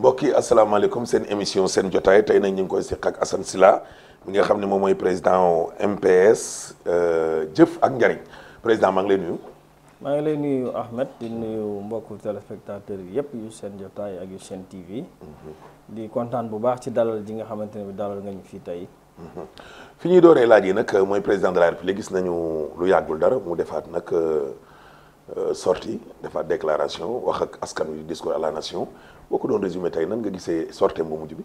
mbokk yi asalaamaaleykum seen émission seen jotaay tey nag ñu ngi koy seq ak assan Sylla mi nga xam ne moom mooy président MPS euh, jëf ak njariñ président maa ngi nuyu. maa ngi lay nuyu Ahmed di nuyu mbokku téléspectateurs yi yëpp yu seen jotaay ak yu seen TV. Mm-hmm. di kontaan bu baax ci dalal ji nga xamante ne bi dalal nga ñu fii tey. Mm-hmm. fi ñuy dooree laaj yi nag mooy président de la république gis nañu lu yàggul dara mu defaat nag euh, euh, sorti defaat déclaration wax ak askan wi discours à la boo ko doon résumé tey nan nga gisee sortie mu mujj bi.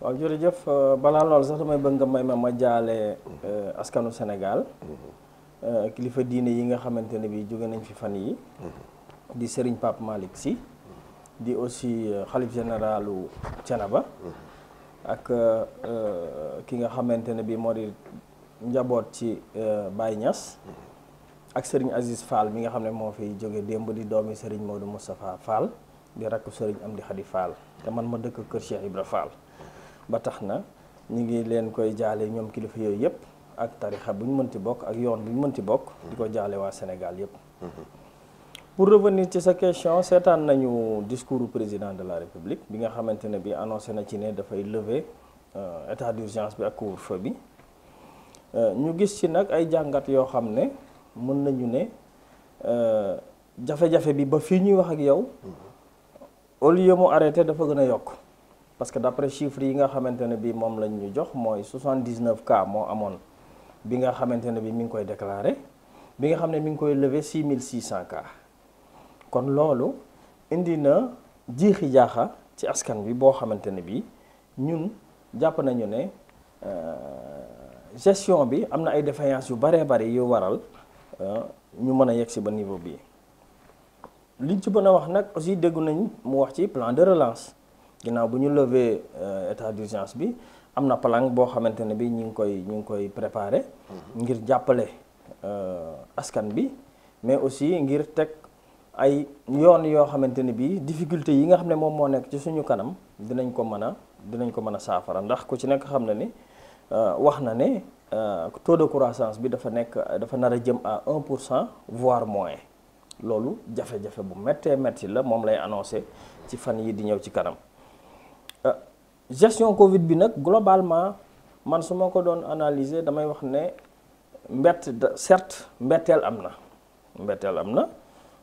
waaw jërëjëf euh, balaa loolu sax damay bëgg nga may ma ma jaale euh, askanu senegal mhm. euh, kilifa diine yi nga xamante ne bi jóge nañ fi fan yi mhm. di sëriñ Pape Malick Sy. Mhm. di aussi xalif généralu Thiénaba ak ki nga xamante ne bi moo di njaboot ci Baye Niass ak sëriñ Aziz Fall mi nga xam ne moo fi jóge démb di doomi sëriñ Modou Moustapha Fall di rakk sëriñ di Khady Fall te man ma dëkk kër Cheikh Ibra Fall ba tax na ñu ngi leen koy jaale ñoom kilifa yooyu yëpp ak tarixa bu mënti bokk ak yoon bu mënti bokk di ko jaale waa Sénégal yëpp pour revenir ci sa question seetaan nañu discours président de la république bi nga xamante ne bi annoncé na ci ne dafay lever euh, état d'urgence bi ak couvre bi euh, ñu gis ci nag ay jàngat yoo xam ne mën nañu ne euh, jafe-jafe bi ba fii ñuy wax ak yow au lieu mu arrêté dafa gën a yokk parce que d'après chiffres yi nga xamante ne bi moom lañ ñu jox mooy 79 cas moo amoon bi nga xamante ne bi mi ngi koy déclaré bi nga xam ne mi ngi koy levé 6600 cas kon loolu indi na jiixi jaaxa ci askan bi boo xamante ne bi ñun jàpp nañu ne euh, gestion bi am na ay défaillance yu baree bari yu waral euh, ñu mën a yegg si ba niveau bi liñ ci mën a wax nag aussi déggu nañ mu wax ci plan de relance ginnaaw bu ñu lever euh, état d'urgence bi am na plan boo xamante ne bi ñu ngi koy ñu ngi koy préparer. Mm-hmm. ngir jàppale euh, askan bi mais aussi ngir teg ay yoon yoo xamante ne bi difficulté yi nga xam ne moom moo nekk ci suñu kanam dinañ ko mën a dinañ ko mën a saafara ndax ku ci nekk xam na ni euh, wax na ne taux de croissance bi dafa nekk dafa nar a jëm à 1 pour cent voire moins. loolu jafe-jafe bu méttee métti la moom lay annoncé ci fan yi di ñëw ci kanam euh, gestion Covid bi nag globalement man su ma ko doon analyser damay wax ne mbett da certes mbetteel am na mbetteel am na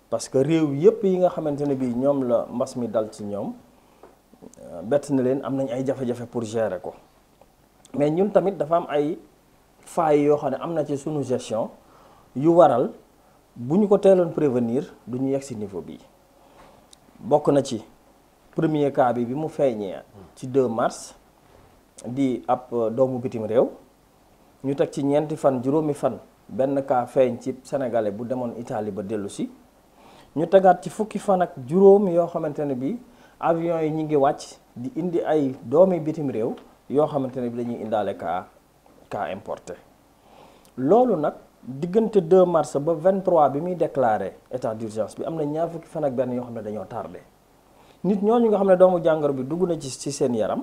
parce que réew yépp yi nga xamante ne bii ñoom la mbas mi dal ci ñoom euh, bett na leen am nañ ay jafe-jafe pour gérer ko mais ñun tamit dafa am ay failles yoo xam ne am na ci sunu gestion yu waral. bu ñu ko teeloon prévenir du ñu yegg si niveau bi bokk na ci premier cas bi bi mu feeñee ci 2 mars di ab euh, doomu bitim réew ñu teg ci ñeenti fan juróomi fan benn cas feeñ ci sénégalais bu demoon Italie ba dellu si ñu tegaat ci fukki fan ak juróom yoo xamante ne bi avion yi ñu ngi wàcc di indi ay doomi bitim réew yoo xamante ne bi dañuy indaale cas kaa importe loolu nag diggante 2 mars ba 23 bi muy déclaré état d'urgence bi am na ñaar fukki fan ak benn yoo xam ne dañoo tardé nit ñooñu nga xam ne doomu jàngoro bi dugg na ci ci seen yaram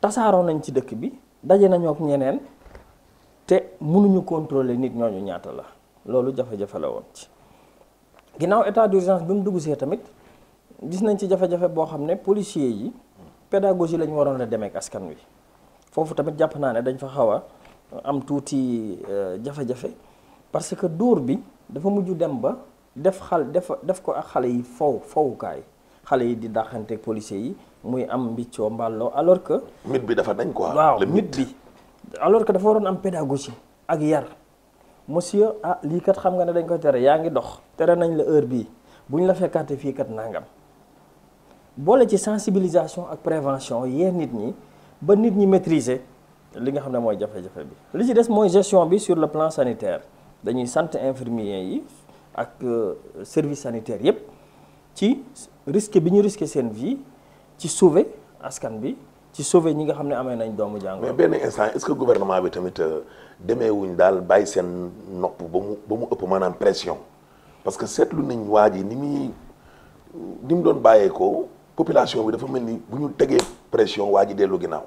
tasaaroo nañ ci dëkk bi daje nañoo ñeneen te mënuñu contrôler nit ñooñu ñaata la loolu jafe-jafe la woon ci ginnaaw état d'urgence bi mu dugg see tamit gis nañ ci jafe-jafe boo xam ne policiers yi pédagogie lañu waroon a demee ak askan wi foofu tamit jàpp naa ne dañ fa xaw a am tuuti euh, jafe-jafe parce que dóor bi dafa mujj dem ba def xal def def ko ak xale yi fow fowukaay xale yi di dàqanteeg policiers yi muy am mbiccoo mbàlloo alors que. mythe bi dafa dañ quoi. waaw alors que dafa waroon am pédagogie ak yar monsieur ah lii kat xam nga ne dañ ko tere yaa ngi dox. tere nañ la heure bii bu ñu la fekkaate fii kat nangam boole ci sensibilisation ak prévention yee nit ñi ba nit ñi maîtriser. li nga xam ne mooy jafe-jafe bi li ci des mooy gestion bi sur le plan sanitaire dañuy sant infirmier yi ak euh, service sanitaire yépp ci risque bi ñu risqué seen vie ci sauver askan bi ci sauver ñi nga xam ne amee nañ doomu jàngoro. mais benn instant est-ce que gouvernement bi tamit euh, demeewuñ daal bàyyi seen nopp ba mu ba mu ëpp maanaam pression parce que seetlu nañ waa ji ni muy ni mu doon bàyyee bàyyeekoo population bi dafa mel ni bu ñu tegee pression waa ji dellu ginnaaw.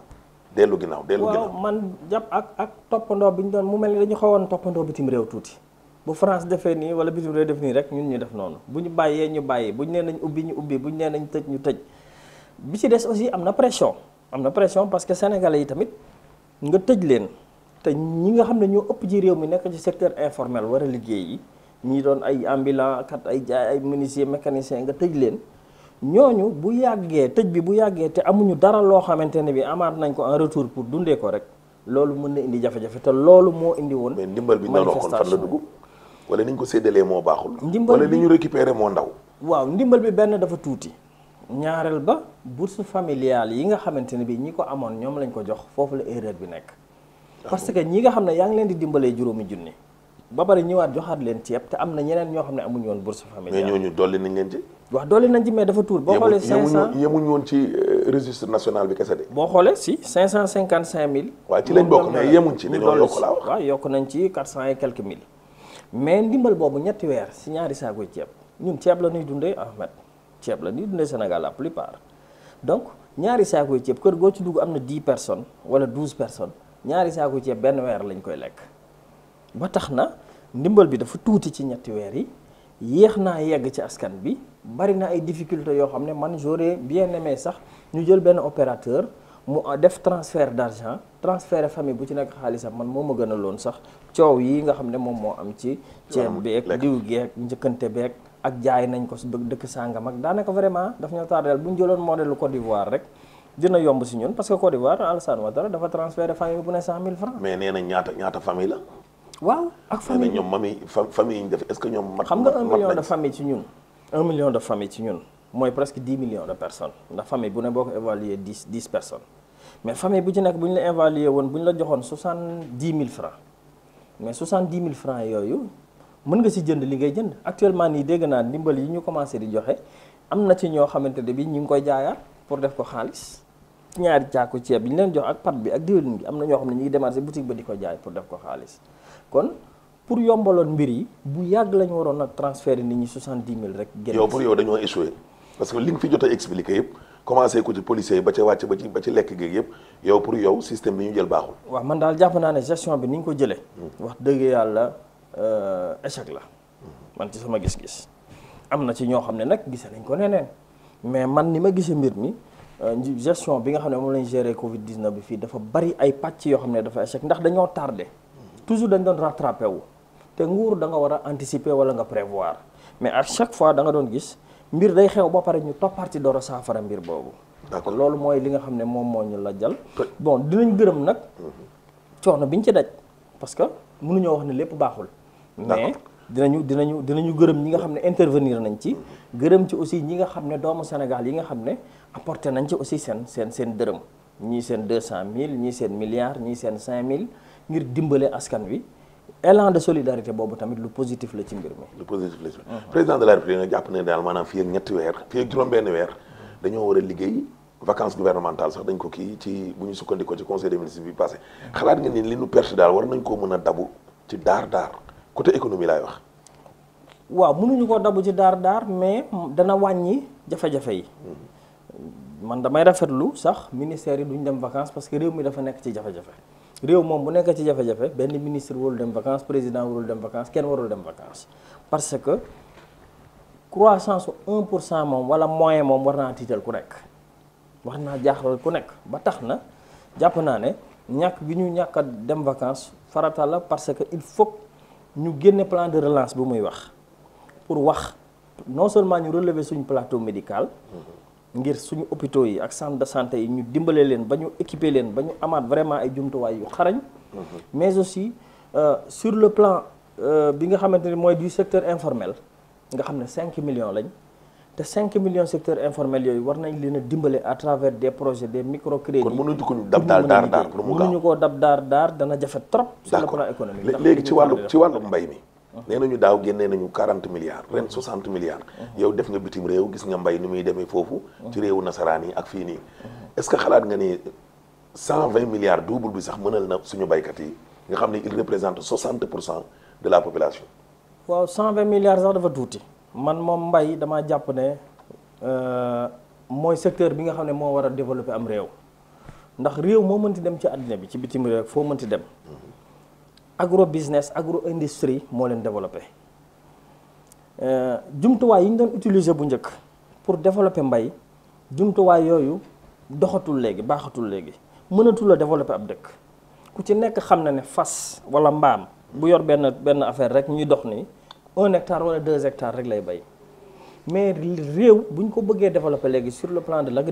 dellu ginnaaw dellu ginnaaw waaw man jàpp ak ak toppandoo bi ñu doon mu mel ni dañu xawoon toppandoo bitim réew tuuti bu France defee nii wala bitim réew def nii rek ñun ñu def noonu bu ñu bàyyee ñu bàyyi bu ñu nee nañ ubbi ñu ubbi bu ñu nee nañ tëj ñu tëj bi si des aussi am na pression am na pression parce que sénégalais yi tamit nga tëj leen te ñi nga xam ne ñoo ëpp ci réew mi nekk ci secteur informel war a liggéey yi ñi doon ay ambulant kat ay jaay ay menuisier mécanicien nga tëj leen ñooñu bu yàggee tëj bi bu yàggee te amuñu dara loo xamante ne bi amaat nañ ko en retour pour dundee ko rek loolu mën na indi jafe-jafe te loolu moo indi woon. mais ndimbal bi ñu doon waxoon fan wala ni ñu ko séddalee moo baaxul. ndimbal bi wala ni ñu moo ndaw. waaw ndimbal bi benn dafa tuuti. ñaareel ba bourse familiale yi nga xamante ne bi ñi ko amoon ñoom lañ ko jox foofu la erreur bi nekk. Ah parce que ñi nga xam ne yaa ngi leen di dimbalee juróomi junni. ba pare ñëwaat joxaat leen ceeb te am na ñeneen ñoo xam ne amuñu woon bourse familiale mais ñooñu dolli nañ leen ci wax dolli nañ ci mais dafa tuur boo xoolee woon ci euh, registre national bi kese boo xoolee si cinq cent cinquante cinq mille waaw ci lañ bokk mais yemuñ ci dañoo yokk laa wax yokk nañ ci quatre cent et quelques mille mais ndimbal boobu ñetti weer si ñaari saakoy ceeb ñun ceeb la ñuy dundee Ahmed ceeb la ñuy dundee Sénégal la plupart donc ñaari saakoy ceeb kër goo ci dugg am na dix personnes wala douze personnes ñaari saakoy ceeb benn weer lañ koy lekk ba tax na ndimbal bi dafa tuuti ci ñetti weer yi yéex naa yegg ci askan bi bari na ay difficultés yoo xam ne man j'aurais bien aimé sax ñu jël benn opérateur mu def transfert d'argent transfert famille bu ci nekk xaalisam man moo ma gën a loon sax coow yi nga xam ne moo am ci ceeb ah, beeg diw geeg njëkkante beeg ak jaay nañ ko dëkk sàngam ak daanaka vraiment daf ñoo tardeel bu ñu jëloon modèle Côte d'Ivoire rek dina yomb si ñun cent mille francs mais nee ñaata ñaata famille waaw ak famille ñoom mami famille yi ñu def est-ce que ñoom. mat xam nga un million de famille ci ñun. un million de famille ci ñun mooy presque dix millions de personnes ndax famille bu ne boo ko évaluer dix dix personnes mais famille bu ci nekk bu ñu la évaluer woon bu ñu la joxoon soixante dix mille francs mais soixante dix mille francs yooyu mën nga si jënd li ngay jënd actuellement nii dégg naa ndimbal yi ñu commencé di joxe am na ci ñoo xamante ne bi ñu ngi koy jaayaat pour def ko xaalis. ñaari caaku ceeb yi ñu leen ñoo xam ne ñu di ko jaay pour def ko xaalis. kon pour yombaloon mbir yi bu yàgg la ñu waroon a transférer nit ñi soixante-dix mille rek. génn yow pour yow dañoo échoué parce que li nga fi jot a expliqué yëpp commencé ko ci policier ba ca wàcc ba ci ba ci lekk gi yëpp yow pour yow système bi ñu jël baaxul. waa man daal jàpp naa ne gestion bi ni ñu ko jëlee. wax dëgg yàlla euh, échec la. man ci sama gis-gis. am na ci ñoo xam ne nag gisee nañ ko neneen mais man ni ma gisee mbir mi euh, gestion bi nga xam ne moom lañ géré Covid 19 bi fii dafa bari ay yoo xam ne dafa échec ndax dañoo tardé. toujours dañ doon rattrapé wu te nguur danga nga war a anticiper wala nga prévoir mais à chaque fois danga doon gis mbir day xew ba pare ñu toppaat ci door a saafara mbir boobu. d'accord loolu mooy li nga xam ne moom moo ñu la jal bon dinañ gërëm nag mhm. coono biñ ci daj parce que mënuñoo wax ne lépp baaxul. mais dinañu dinañu dinañu gërëm ñi nga xam ne intervenir nañ ci. Mhm. gërëm ci aussi ñi nga xam ne doomu Sénégal yi nga xam ne apporté nañ ci aussi seen seen seen dërëm ñii seen 200000 ñii seen milliards ñii seen 5000. ngir dimbale askan wi élan de solidarité boobu tamit lu positif la ci mbir mi. lu positif la ci président de la république nga jàpp ne daal maanaam fii ak ñetti weer fii ak juróom-benn weer dañoo war a liggéey vacances gouvernementales sax dañ ko kii ci bu ñu sukkandikoo ci conseil des ministres bi passé xalaat nga ni li nu perte daal war nañ koo mën a dabu ci daar daar côté économie laay wax. waaw mënuñu koo dabu ci daar daar mais dana wàññi jafe yi. Hmm. man damay rafetlu sax ministère yi duñ dem vacances parce que réew mi dafa nekk ci jafe réew moom bu nekk ci jafejafe benn ministre warul dem vacances président wul dem vacances kenn warul dem vacances parce que croissance su pour cent moom wala moyen moom war naa tiital ku nekk war naa jaaxal ku nekk ba tax na jàpp naa ne ñàkk gi ñu ñàkk dem vacances farata la parce que il faut ñu génne plan de relance bu muy wax pour wax non seulement ñu relever suñu plateau médical. Mm-hmm. ngir suñu hôpitaux yi ak centre de santé yi ñu dimbale leen ba ñu équiper leen ba ñu amaat vraiment ay jumtuwaay yu xarañ. Mhm. mais aussi euh, sur le plan euh, bi nga xamante ni mooy du secteur informel nga xam ne cinq millions lañ te cinq millions secteur informel yooyu war nañ leen a dimbale à travers des projets des microcrédits. kon mënuñu ko dab daar daar daar pour mu gaaw mënuñu koo daar daar dana jafe trop. sur le plan économique léegi ci wàllu ci wàllu mbay mi. nee nañu daaw génnee nañu quarante milliards ren soixante milliards. Uh-huh. yow def nga bitim réew gis nga mbay ni muy demee foofu. Uh-huh. ci réewu nasaraan yi ak fii nii. Uh-huh. est-ce que xalaat nga ni cent vingt milliards double bi sax mënal na suñu baykat yi nga xam ne il représente soixante pour cent de la population. waaw cent vingt milliards sax dafa tuuti. man moom mbay damaa jàpp ne euh, mooy secteur bi nga xam ne moo war a développer am réew. ndax réew moo mënti dem ci àddina bi ci bitim réew foo mënti dem. agro business agro industrie moo leen développé euh, jumtuwaay yi ñu doon utiliser bu njëkk pour développer mbay jumtuwaay yooyu doxatul léegi baaxatul léegi mënatul a ab dëkk ku ci nekk xam na ne fas walla mbaam bu yor benn benn affaire rek ñuy dox ni un hectare walla deux hectares rek lay bay. mais réew bu ñu ko bëggee développer léegi sur le plan de l'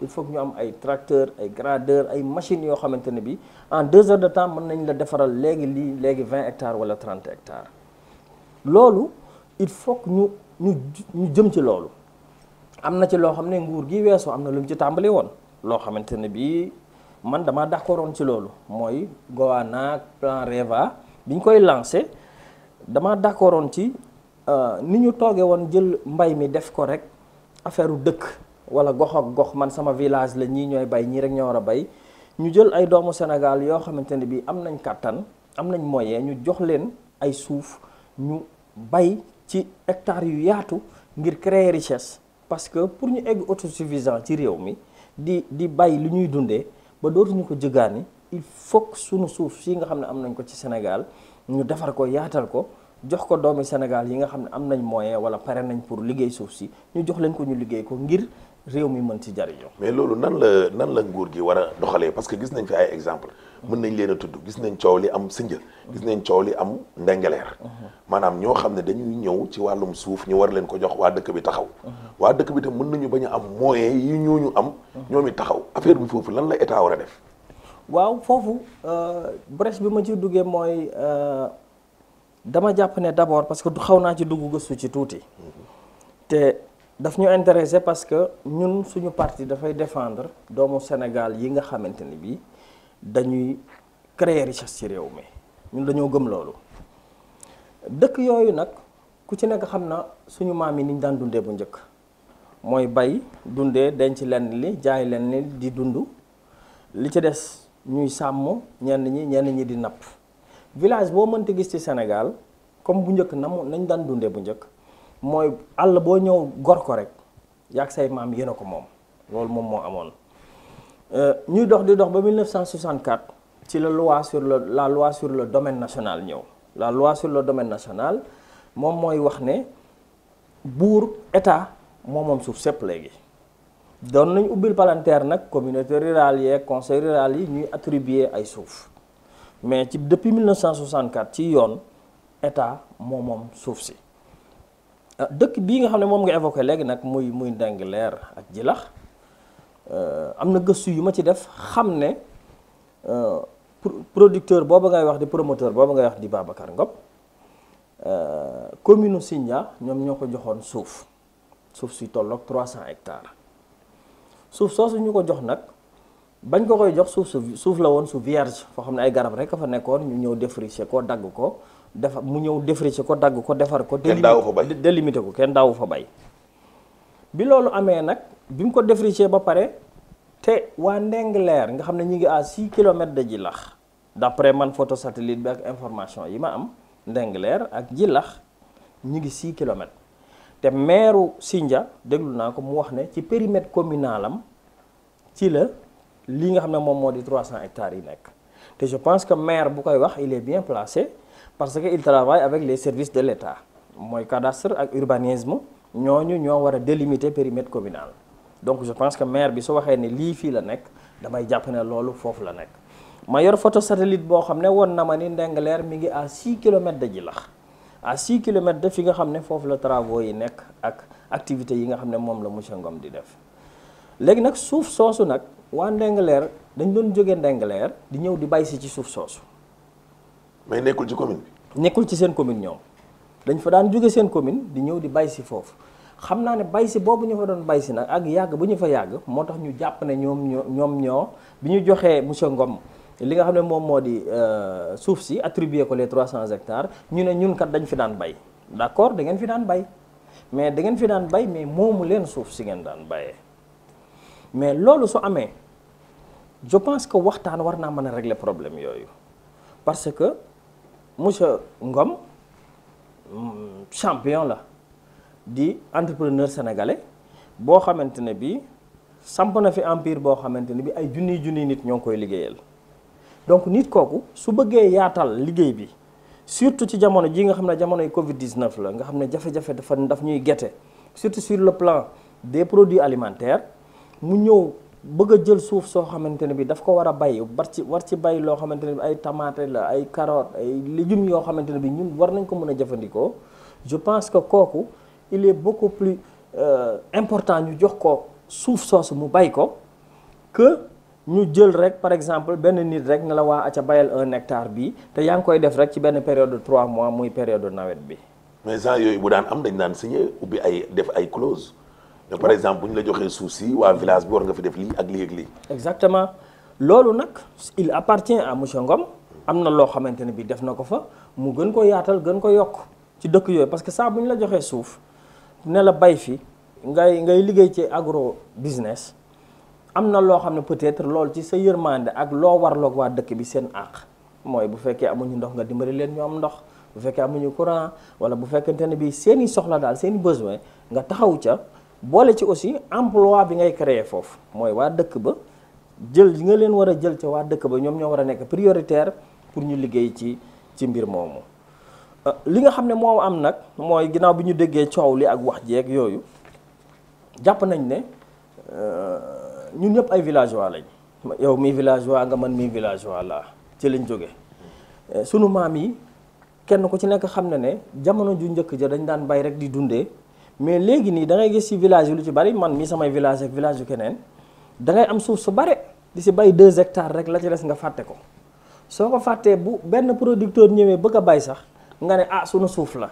il faut ñu am ay tracteurs ay gradeurs ay machines yoo xamante ne bi en deux heures de temps mën nañ la defaral léegi lii léegi vingt ectare wala trente hectares loolu il faut que ñu ñu ñu jëm ci loolu am na ci loo xam ne nguur gi weesoo am na lu mu ci tàmbali woon loo xamante ne bi man damaa d'accordoon ci loolu mooy Goana plan REVA bi ñu koy lancé damaa d'accordoon ci Euh, ni ñu tooge woon jël mbay mi def ko rek affaire dëkk wala gox ak gox man sama village la ñii ñooy bay ñii rek ñoo war a bay ñu jël ay doomu Sénégal yoo xamante ne bii am nañ kattan am nañ moyen ñu jox leen ay suuf ñu bay ci hectares yu yaatu ngir créer riches parce que pour ñu egg autosuffisant ci réew mi di di bay lu ñuy dundee ba dootuñu ko jëgaani il faut que sunu suuf si nga xam ne am nañ ko ci Sénégal ñu defar ko yaatal ko jox ko doomi Sénégal yi nga xam ne am nañ moyen wala pare nañ pour liggéey suuf si ñu jox leen ko ñu liggéey ko ngir réew mi mën ci jariñoo mais loolu nan la nan la nguur gi war a doxalee parce que gis nañ fi ay exemple mën nañ leen a tudd gis nañ coow li am Sindia gis nañ coow li am Ndengeleer maanaam ñoo xam ne dañuy ñëw ci wàllum suuf ñu war leen ko jox waa dëkk bi taxaw waa dëkk bi tam mun nañu ba ñu am moyen yi ñooñu am ñoom it taxaw affaire bi foofu lan la état a def waaw foofu euh, brèche bi ma ci duggee mooy euh, dama jàpp ne d'abord parce que xaw naa ci dugg gëstu ci tuuti te daf ñu intéressé parce que ñun suñu parti dafay défendre doomu Sénégal yi nga xamante ni bii dañuy créer richesse ci réew mi ñun dañoo gëm loolu dëkk yooyu nag ku ci nekk xam na suñu maam yi ni daan dundee bu njëkk mooy bay dundee denc lenn li jaay lenn li di dund li ci des ñuy sàmm ñenn ñi ñenn ñi di napp village boo mënti gis ci Sénégal comme bu njëkk na mu nañ daan dundee bu njëkk mooy àll boo ñëw gor ko rek yàgg say maam yéen ko moom loolu moom moo amoon. Euh, ñuy dox di dox ba 1964 ci la loi sur le la loi sur le domaine national ñëw la loi sur le domaine national moom mooy wax ne buur état moo moom suuf sépp léegi. doon nañ ubbil palanteer nag communauté rurale yeeg conseil rural yi ñuy attribuer ay suuf. mais ci depuis 1964 ci yoon état moom moom suuf si euh, dëkk bii nga xam ne moom nga évoqué léegi nag muy muy Ndingler ak Djilakh euh, am na gëstu yu ma ci def xam ne euh, producteur booba ngay wax di promoteur booba ngay wax di Babacar Ngom commune Sindia ñoom ñoo ko joxoon suuf suuf si tolloog cent hectares suuf soosu ñu ko jox nag. bañ ko koy jox suuf su suuf la woon su vierge foo xam ne ay garab rek a fa nekkoon ñu ñëw défricher ko dagg ko defa mu ñëw défricher ko dagg ko defar ko. kenn daawu fa bay délimité ko kenn daawu fa bay. bi loolu amee nag bi mu ko défricher ba pare te waa Ndengleer nga xam ne ñu ngi à 6 kilomètres de Djilakh d'après man photo satellite bi ak information yi ma am Ndengleer ak Djilakh ñu ngi 6 kilomètres te maire Sindia déglu naa ko mu wax ne ci périmètre communal am ci la. lii nga xam ne moom moo di 300 hectares yi nekk te je pense que maire bu koy wax il est bien placé parce que il travaille avec les services de l'État mooy cadastre ak urbanisme ñooñu ñoo war a délimiter périmètre communal donc je pense que maire bi su waxee ne lii fii la nekk damay jàpp ne loolu foofu la nekk ma yor photo boo xam ne woon na ma ni Ndingler mi ngi à 6 kilomètres de Djilakh à 6 kilomètres de fi nga xam ne foofu la travaux yi nekk ak activités yi xam ne moom la monsieur Ngom di def léegi nag suuf soosu nag waa Ndingler dañ doon jógee Ndingler di ñëw di bay si ci suuf soosu. mais nekkul ci commune nekkul ci seen commune ñoom dañ fa daan jóge seen commune di ñëw di bay si foofu xam naa ne bay si boobu ñu fa doon bay si nag ak yàgg bu ñu fa yàgg moo tax ñu jàpp ne ñoom ñoom ñoo bi ñu joxee monsieur Ngom. li nga xam ne moom moo di euh, suuf si attribué ko les 300 hectares ñu ne ñun kat dañ fi daan bay d'accord da ngeen fi daan bay mais dangeen fi daan bay mais moomu leen suuf si ngeen daan bayee mais loolu su amee je pense que waxtaan war naa mën a régler problème yooyu parce que monsieur Ngom mm, champion la di entrepreneur sénégalais boo xamante ne bii samp na fi empire boo xamante ni bi ay junniy junniy nit ñoo ngi koy liggéeyal donc nit kooku su bëggee yaatal liggéey bi surtout ci jamono ji nga xam ne jamono jamonoy Covid 19 la nga xam ne jafe-jafe dafa daf ñuy gerte surtout sur le plan des produit alimentaire mu ñëw. bëgg a jël suuf soo xamante ne bi daf ko war a bay war ci war ci bay loo xamante ne bi ay tomate la ay carotte ay légumes yoo xamante ne bi ñun war nañ ko mën a jëfandikoo je pense que kooku il est beaucoup plus euh, important ñu jox ko suuf soosu mu bay ko que ñu jël rek par exemple benn nit rek ne la waa aca bayal un hectare bi te yaa ngi koy def rek ci benn période trois mois muy période nawet bi mais gens yooyu bu daan am dañ daan signé ubbi ay def ay clause mais par exemple bu ñu la joxee suuf si waa village bi war nga fi def lii ak lii ak lii. exactement loolu nag il appartient à monsieur Ngom am na loo xamante ne bii def na ko fa mu gën ko yaatal gën ko yokk ci dëkk yooyu parce que saa bu ñu la joxee suuf ne la bay fi ngay ngay liggéey ci agro business am na loo xam ne peut-être loolu ci sa yërmande ak loo warloog waa dëkk bi seen àq mooy bu fekkee amuñu ndox nga dimbali leen ñu am ndox. bu fekkee amuñu courant wala bu fekkente ne bii seeni soxla daal seeni i besoin nga taxaw ca. boole ci aussi emploi bi ngay créer foofu mooy waa dëkk ba jël li nga leen war a jël ca waa dëkk ba ñoom ñoo war a nekk prioritaire pour ñu liggéey ci ci mbir moomu. Euh, li nga xam ne moo am nag mooy ginnaaw bi ñu déggee coow li ak wax jeeg yooyu jàpp nañ ne euh, ñun ñëpp ay villageois lañ yow mi waa nga man mi villageois laa ci lañ jóge euh, sunu maam yi kenn ku ci nekk xam na ne jamono ju njëkk ja dañ daan bay rek di dundee. mais léegi nii da ngay gis ci village yi lu ci bari man mii samay village ak village yu keneen da am suuf su bare di si bay 2 hectares rek la ci des nga fàtte ko soo ko fàttee bu benn producteur ñëwee bëgg a bay sax nga ne ah sunu suuf la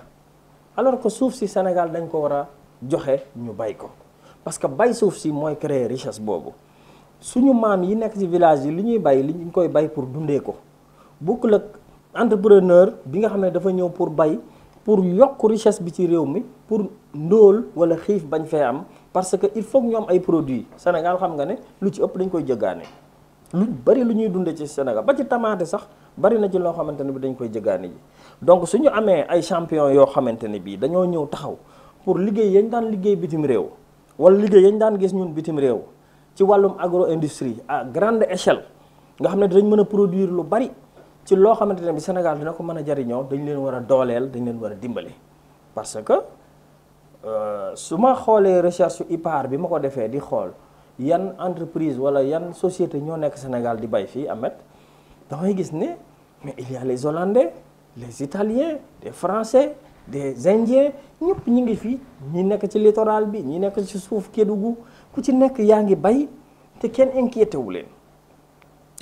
alors que suuf si Sénégal dañ ko war a joxe ñu bay ko parce que bay suuf si mooy créer richesse boobu suñu maam yi nekk ci village yi li ñuy bay li ñu koy bay pour dundee ko bokkul ak entrepreneur bi nga xam ne dafa ñëw pour bay pour yokk richesse bi ci réew mi ndool wala xiif bañ fee am parce que il faut ñoom ay produits Sénégal xam nga ne lu ci ëpp dañ koy jëggaane lu bari lu ñuy dundee ci Sénégal ba ci tamaate sax bari na ci loo xamante ne bi dañu koy jëggaane donc suñu amee ay champion yoo xamante ne bii dañoo ñëw taxaw pour liggéey yañ daan liggéey bitim réew wala liggéey yañ daan gis ñun bitim réew ci wàllum agro industrie à grande échelle nga xam ne dañ mën a produire lu bari ci loo xamante ne bi Sénégal dina ko mën a jariñoo dañ leen war a dooleel dañ leen war a dimbale Euh, su ma xoolee recherche IPAR bi ma ko defee di xool yan entreprise wala yan société ñoo nekk Sénégal di bay fii Ahmed damay gis ne mais il y a les Hollandais les Italiens les Français des Indiens ñëpp ñi ngi fii ñi nekk ci littoral bi ñi nekk ci suuf Kédougou ku ci nekk yaa ngi bay te kenn inquiété wu leen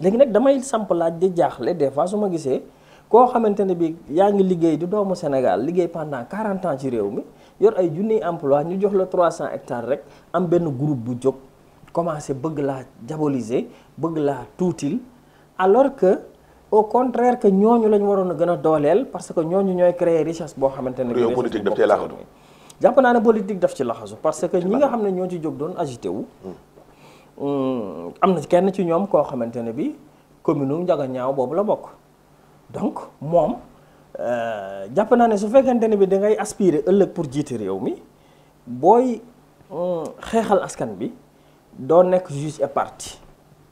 léegi nag damay samp laaj di jaaxle des fois su ma gisee koo xamante ne bi yaa ngi liggéey di doomu Sénégal liggéey pendant 40 ans ci réew mi yor ay junniy emploi ñu jox la trois 300 hectare rek am benn groupe bu jóg commencé bëgg laa diaboliser bëgg laa tuutil alors que au contraire que ñooñu lañ waroon a gën a dooleel parce que ñooñu ñooy créer richesse boo xamante ne. réew politique daf cee jàpp naa ne politique daf ci laxasu parce que ñi nga xam ne ñoo ci jóg doon agité wu. Hmm. Hmm, am na kenn ci ñoom koo xamante ne bi commune Ndiaganiao boobu la bokk donc moom. Euh, jàpp naa ne su fekkente ne bi da ngay aspirer ëllëg pour jiite réew mi booy euh, xeexal askan bi doo nekk juge et parti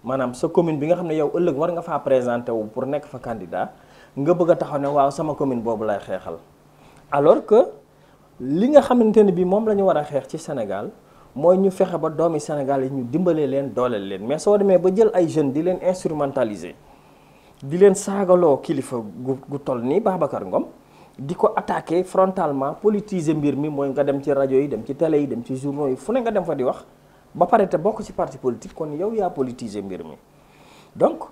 maanaam sa commune bi nga xam ne yow ëllëg war nga faa présenter wu pour nekk fa candidat nga bëgg a taxaw ne waaw sama commune boobu lay xeexal alors que li nga xamante ne bi moom la ñu war a xeex ci Sénégal mooy ñu fexe ba doomi Sénégal yi ñu dimbalee leen dooleel leen mais soo demee ba jël ay jeunes di leen instrumentaliser di leen saagaloo kilifa gu gu toll nii Babacar Ngom di ko attaqué frontalement politiser mbir mi mooy nga dem ci rajo yi dem ci télé yi dem ci journaux yi fu ne nga dem fa di wax ba pare te bokk ci parti politique kon yow yaa politiser mbir mi donc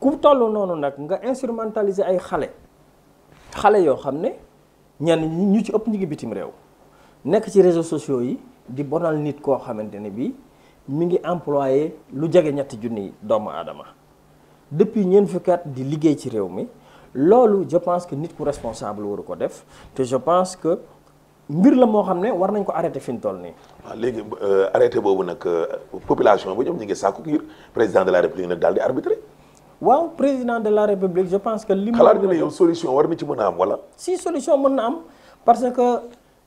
ku toll noonu nag nga instrumentaliser ay xale xale yoo xam ne ñenn ñi ñu ci ëpp ñu ngi bitim réew nekk ci réseau sociaux yi di bonal nit koo xamante ne bii mi ngi employé lu jege ñetti junni doomu aadama depuis ñeent fi at di liggéey ci réew mi loolu je pense que nit ku responsable waru ko def te je pense que mbir la moo xam ne war nañ ko arrêté fi ñu toll nii. waaw ah, léegi euh, arrêté boobu nag euh, population bi ñoom ñu saako sàkku président de la république nag daal di arbitré. waaw président de la république je pense que. li mu xalaat nga ne yow solution war na ci mën a am wala. si solution mën na am parce que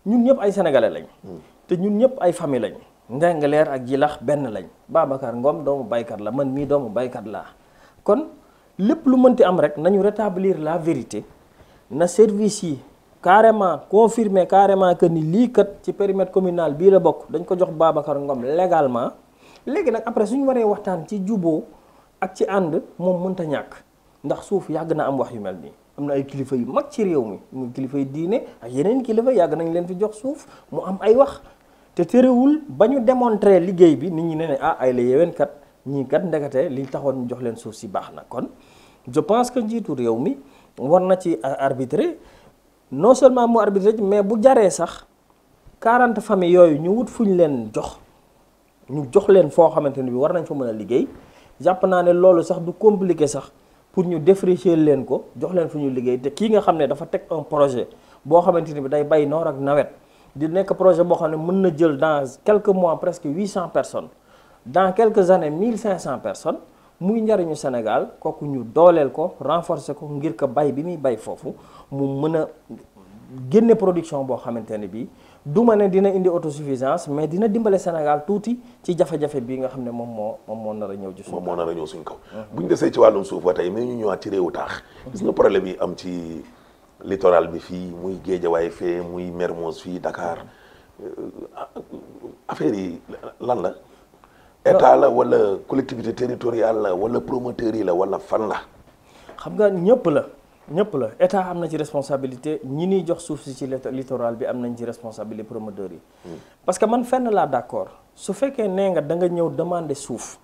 ñun ñëpp ay sénégalais lañ. Hmm. te ñun ñëpp ay famille lañ. Ndingler ak Jilax benn lañ. Babacar Ngom doomu baykat la man mii doomu baykat laa. kon lépp lu mënti am rek nañu rétablir la vérité na service yi carrément confirmer carrément que ni lii kat ci périmètre communal bii la bokk dañ ko jox Babacar Ngom légalement léegi nag après suñu waree waxtaan ci jubo ak ci ànd moom mënta ñàkk ndax suuf yàgg na am wax yu mel nii am na ay kilifa yu mag ci réew mi muy kilifa yu diine ak yeneen kilifa yàgg nañ leen fi jox suuf mu am ay wax te terewul ba ñu démontrer liggéey bi nit ñi ne ah ay la ñii kat ndekete liñ taxoon ñu jox leen suuf si baax na kon je pense que njiitu réew mi war na ci arbitrer non seulement mu arbitrer mais bu jaree sax quarante familles yooyu ñu wut fu ñu leen jox ñu jox leen foo xamante ne bi war nañ fa mën a liggéey jàpp naa ne loolu sax du compliqué sax pour ñu défricher leen ko jox leen fu ñu liggéey te kii nga xam ne dafa teg un projet boo xamante ne bi day bay noor ak nawet di nekk projet boo xam ne mën na jël dans quelques mois presque 800 personnes. dans quelques années 1500 personnes muy njariñu Sénégal kooku ñu dooleel ko renforcer ko ngir ko bay bi muy bay foofu mu mën a génne production boo xamante ne bii du ma ne dina indi autosuffisance mais dina dimbale Sénégal tuuti ci jafe-jafe bii nga xam ne moom moo moom moo nar a ñëw. ci moo nar a ñëw suñ kaw. bu ñu desee ci wàllum suuf ba tey mais ñu ñëwaat ci réewu taax. Mm-hmm. gis nga problème yi am ci littoral bi fii muy Géejawaay fee muy Mermoz fii dakaar euh, affaire yi la. état la wala collectivité territoriale la wala promoteur yi la wala fan la. xam nga ñëpp la ñëpp la état am na ci responsabilité ñi ñuy jox suuf si ci littoral bi am nañ ci responsabilité promoteur yi. Hmm. parce que man fenn laa d' accord su fekkee nee nga da nga ñëw demander suuf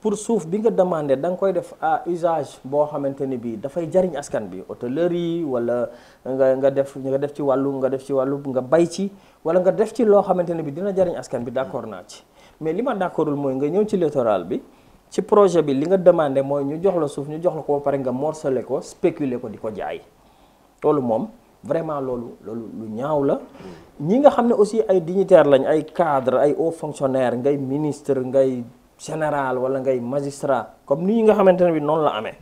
pour suuf bi nga demander da nga koy def ah usage boo xamante ni bii dafay jariñ askan bi yi wala nga nga def nga def ci wàllu nga def ci wàllu nga bay ci wala nga def ci loo xamante ne bi dina jariñ askan bi d' accord naa ci. mais li ma d'accordul mooy nga ñëw ci littoral bi ci projet bi li nga demandé mooy ñu jox la suuf ñu jox la ko pare nga morcelé ko spéculer ko di ko jaay loolu moom vraiment loolu loolu lu ñaaw la ñi nga xam ne aussi ay dignitaire lañ ay cadre ay haut fonctionnaire ngay ministre ngay général wala ngay magistrat comme ni nga xamante ne bi noonu la amee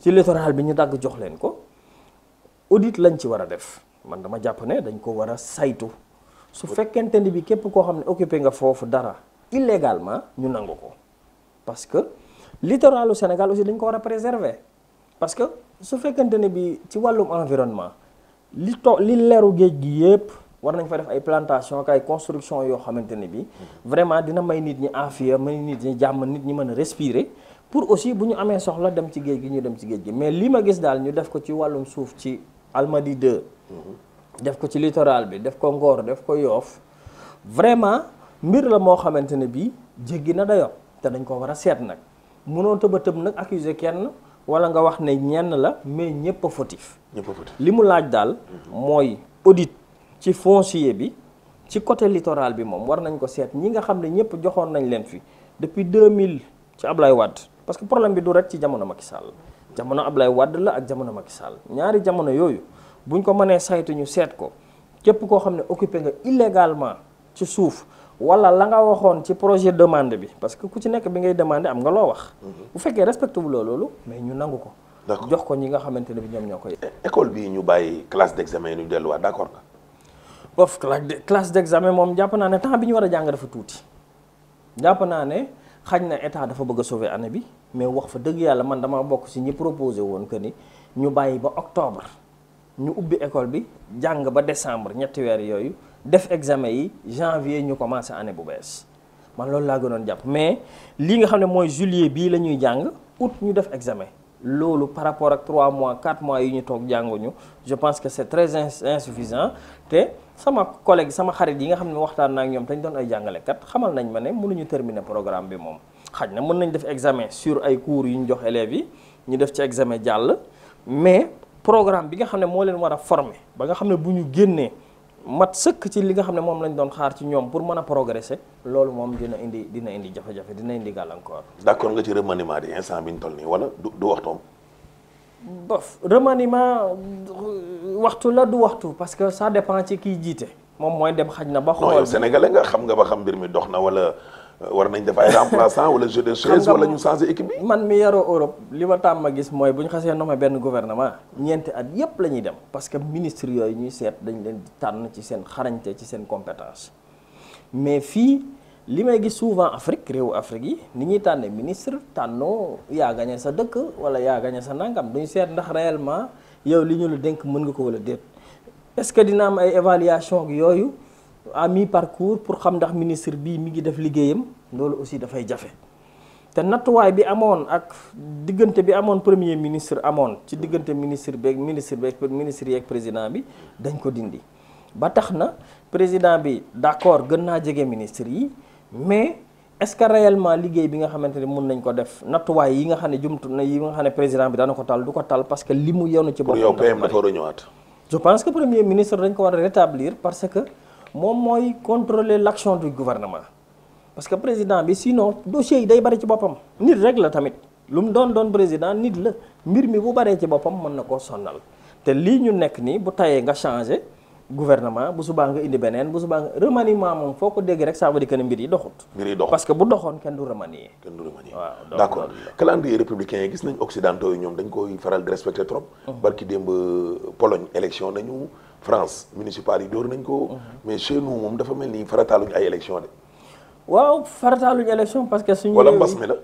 ci littoral bi ñu dagg jox leen ko audite lañ ci war a def man dama jàpp ne dañ ko war a saytu su fekkente ni bi képp koo xam ne occupé nga foofu dara illégalement ñu nangu ko parce que littoralu Sénégal aussi dañ ko war a préserver parce que su fekkante ne bi ci wàllum environnement li to li leeru géej gi yépp war nañ fa def ay plantation ak ay construction yoo xamante ni bi vraiment dina may nit ñi afia may nit ñi jàmm nit ñi mën a respirer pour aussi bu ñu amee soxla dem ci géej gi ñu dem ci géej gi mais lii ma gis daal ñu def ko ci wàllum suuf ci Almadies 2 mhm. def ko ci littoral bi def ko Ngor def ko Yoff vraiment mbir la moo xamante ne bii jéggi na dayo te dañ koo war a seet nag mënoo tëb tëb nag accuser kenn wala nga wax ne ñenn la mais ñëpp a fautif li mu laaj daal mooy audit ci foncier bi ci côté littoral bi moom war nañ ko seet ñi nga xam ne ñëpp joxoon nañ leen fi depuis deux 2000 ci Ablaye Wade parce que problème bi du rek ci jamono Macky Sall jamono Ablaye wadd la ak jamono Macky Sall ñaari jamono yooyu buñ ko mënee saytu ñu seet ko képp koo xam ne occupé nga illégalement ci suuf wala la nga waxoon ci projet demande bi parce que ku ci nekk bi ngay demandé am nga loo wax. Mhm. bu fekkee respecté wu loolu mais ñu nangu ko. jox ko ñi nga xamante ne bi ñoom ñoo koy. école bii ñu bàyyi classe d' examen yi ñu delluwaat d' accord nga. bof moom jàpp naa ne temps bi ñu war a jàng dafa tuuti jàpp naa ne xañ na état dafa bëgg a sauver année bi mais wax fa dëgg yàlla man dama bokk si ñi proposé woon que ni ñu bàyyi ba octobre. ñu ubbi école bi jàng ba décembre ñetti weer yooyu def examen yi janvier ñu commencé année bu bees man loolu laa gënoon jàpp mais lii nga xam ne mooy juillet bii la ñuy jàng août ñu def examen loolu par rapport ak trois mois 4 mois yi ñu toog jànguñu je pense que c'est très insuffisant te sama collègue sama xarit yi nga xam ne waxtaan naa ak ñoom dañ doon ay jàngalekat xamal nañ ma ne mënuñu terminer programme bi moom xaj na mën nañ def examen sur ay cours yu ñu jox élèves yi ñu def ci examen jàll mais programme bi nga xam ne moo leen war a former ba nga xam ne bu ñu génnee mat sëkk ci li nga xam ne moom lañ doon xaar ci ñoom pour mën a progresser loolu moom dina indi dina indi jafe-jafe dina indi gàllankoor. d'accord nga ci remaniement di instant bi ñu toll nii wala du du waxtoom. bof remaniement euh, waxtu la du waxtu parce que sa dépend ci kiy jiite moom mooy dem xaj na ba. xool non nga xam nga ba xam mbir mi dox na wala. war nañ def ay remplaçant wala jeu de chaise wala ñu changer équipe bi. man mi yaroo Europe li ma tàmm gis mooy bu ñu xasee nommé benn gouvernement ñeenti at yépp la ñuy dem parce que ministre yooyu ñuy seet dañ leen tànn ci seen xarañte ci seen compétence mais fii li may gis souvent Afrique réewu Afrique yi ni ñuy tànne ministre tànnoo yaa gañe sa dëkk wala yaa gañe sa nangam dañu seet ndax réellement yow li ñu la dénk mën nga ko wala déet est-ce que dina am évaluation yooyu. à mi parcours pour xam ndax ministre bi mi ngi def liggéeyam loolu aussi dafay jafe te nattuwaay bi amoon ak diggante bi amoon premier ministre amoon ci diggante ministre beeg ministre beeg ministre yeeg président bi dañ ko dindi ba tax na président bi d'accord gën naa jege bi nga xamante ne mun nañ ko def nattuwaay yi nga na président bi dana ko du ko tal parce que li mu yenu ci boppam. pour yow PM dafa a ñëwaat. je pense que premier ministre dañ ko war a rétablir parce que. moom mooy contrôler l' action du gouvernement parce que président bi sinon dossier yi day bari ci boppam nit rek la tamit lu mu doon doon président nit la mbir mi bu baree ci boppam mën na koo sonnal te lii ñu nekk nii bu tayee nga changé gouvernement bu subaa nga indi beneen bu subaa nga remaniement moom foo ko dégg rek ça veut dire que mbir yi doxut. mbir yi doxut parce que bu doxoon kenn du remanier. kenn du remanier waaw d' accord républicain yi gis nañ occidentaux yi ñoom dañ koy faral di respecté trop. barki démb Pologne élection France municipal yi door nañ ko. mais chez nous moom dafa mel ni farataaluñ ay élection de. waaw farataaluñ élection parce que. suñu wala mbas la.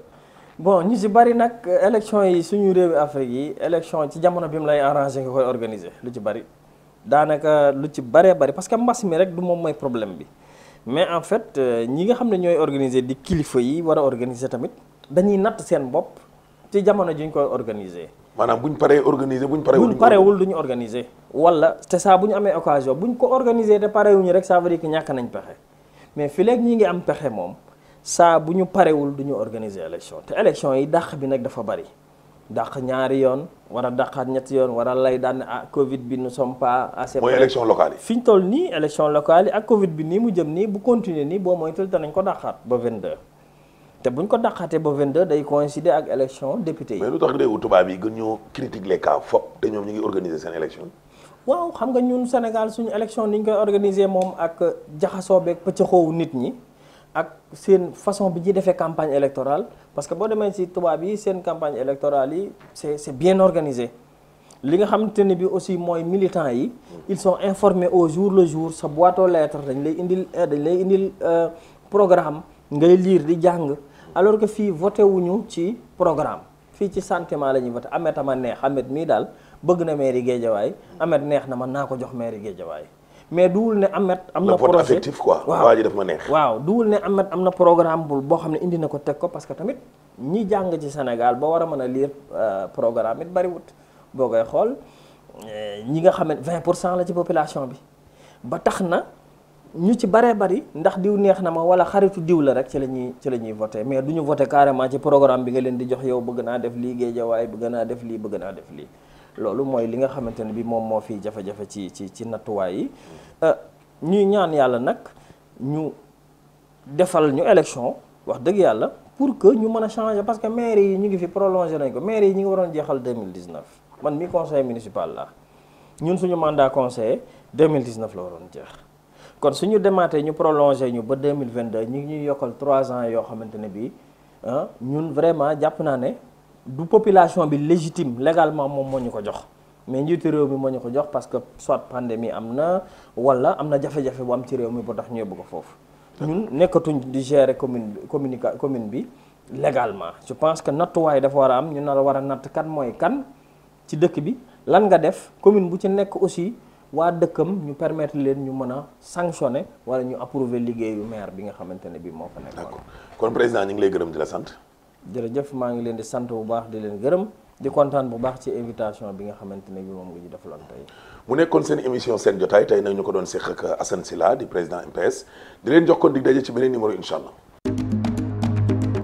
bon ñu si bari nag élection yi suñu réewi Afrique yi élection ci jamono bi mu lay arrangé nga koy organiser lu ci bari daanaka lu ci baree bari parce que mbas mi rek du moom mooy problème bi mais en fait euh, ñi nga xam ne ñooy organiser di kilifa yi war a organiser tamit dañuy natt seen bopp. ci jamono ji ñu koy organiser. maanaam bu ñu paree organiser buñ ñu paree. bu ñu ñu organiser. wala te saa bu ñu amee occasion buñ ñu ko organiser te parewuñu rek ça veut dire que ñàkk nañ pexe mais fi léegi ñi ngi am pexe moom saa bu ñu parewul du ñu organiser élection te élection yi dàq bi nag dafa bari. dàq ñaari yoon war a dàqaat ñetti yoon war lay daan ah Covid bi nous sommes pas assez. mooy élection fi ñu toll nii élection local yi ak Covid bi nii mu jëm nii bu continuer nii boo moytul danañ ko dàqaat ba 22. te buñ ko dàqaatee ba 22 day coïncider ak élection député yi. mais lu tax réewu tubaab yi gën ñoo critique les cas fop te ñoom ñu ngi organiser seen élection. waaw xam nga ñun Sénégal suñu élection ni ñu koy organiser moom ak jaxasoo beeg pëccëxoowu nit ñi ak seen façon bi ñuy defee campagne électorale parce que boo demee si tubaab yi seen campagne électorale yi c'est c'est bien organisé. li nga xamante ne bi aussi mooy militants yi ils sont informés au jour le jour sa boîte aux dañ lay indil dañ lay indil euh, programme ngay lire di jàng. alors que fii voté wuñu ci programme fii ci sentiment la ñuy voté Ahmed ama neex Ahmed mii daal bëgg na mairie Guédiawaye Ahmed neex na man naa ko jox mairie Guédiawaye mais duwul ne Ahmed am na projet ma waaw duwul ne Ahmed am na programme bul boo xam ne indi na ko teg ko parce que tamit ñi jàng ci Sénégal ba war a mën a lire euh, programme it bariwut boo koy xool euh, ñi nga xam ne 20 pour cent la ci population bi ba tax na ñu ci baree bari ndax diw neex na ma wala xaritu diw la rek ci la ñuy ci la ñuy voté mais duñu ñu voté carrément ci programme bi nga leen di jox yow bëgg naa def lii géejawaay bëgg naa def lii bëgg naa def lii loolu mooy li nga xamante ne bi moom moo fi jafe-jafe ci ci ci nattuwaay yi euh, ñuy ñaan yàlla nag ñu defal ñu élection wax dëgg yàlla pour que ñu mën a changer parce que maire yi ñu ngi fi prolongé nañ ko maire yi ñu ngi waroon jeexal 2019 man mi conseil municipal la ñun suñu mandat conseiller 2019 la waroon jeex kon suñu demaatee ñu prolongé ñu ba 2022 ñu ngi ñuy yokkal 3 ans yoo xamante ne bii ah, ñun vraiment jàpp naa ne du population bi légitime légalement moom moo ñu ko jox mais njiitu réew mi moo ñu ko jox parce que soit pandémie am na wala am na jafe-jafe bu am ci réew mi ba tax ñu yóbbu ko foofu ñun nekkatuñ di gérer commune communica commune bi légalement je pense que nattuwaay dafa war a am ñu nar a war a natt kan mooy kan ci dëkk bi lan nga def commune bu ci nekk aussi waa dëkkam ñu permettre leen ñu mën a sanctionner wala ñu approuver liggéeyu maire bi nga xamante ne bii moo fa nekk. d'accord kon président ñu ngi lay gërëm di la sant. jërëjëf maa ngi leen di sant bu baax di leen gërëm di kontaan bu baax ci invitation bi nga xamante ne bii moom nga ñu defaloon tey. mu nekkoon seen émission seen jotaay tey nag ñu ko doon séq ak Assane Sylla di président MPS di leen jox kon dig daje ci beneen numéro incha allah.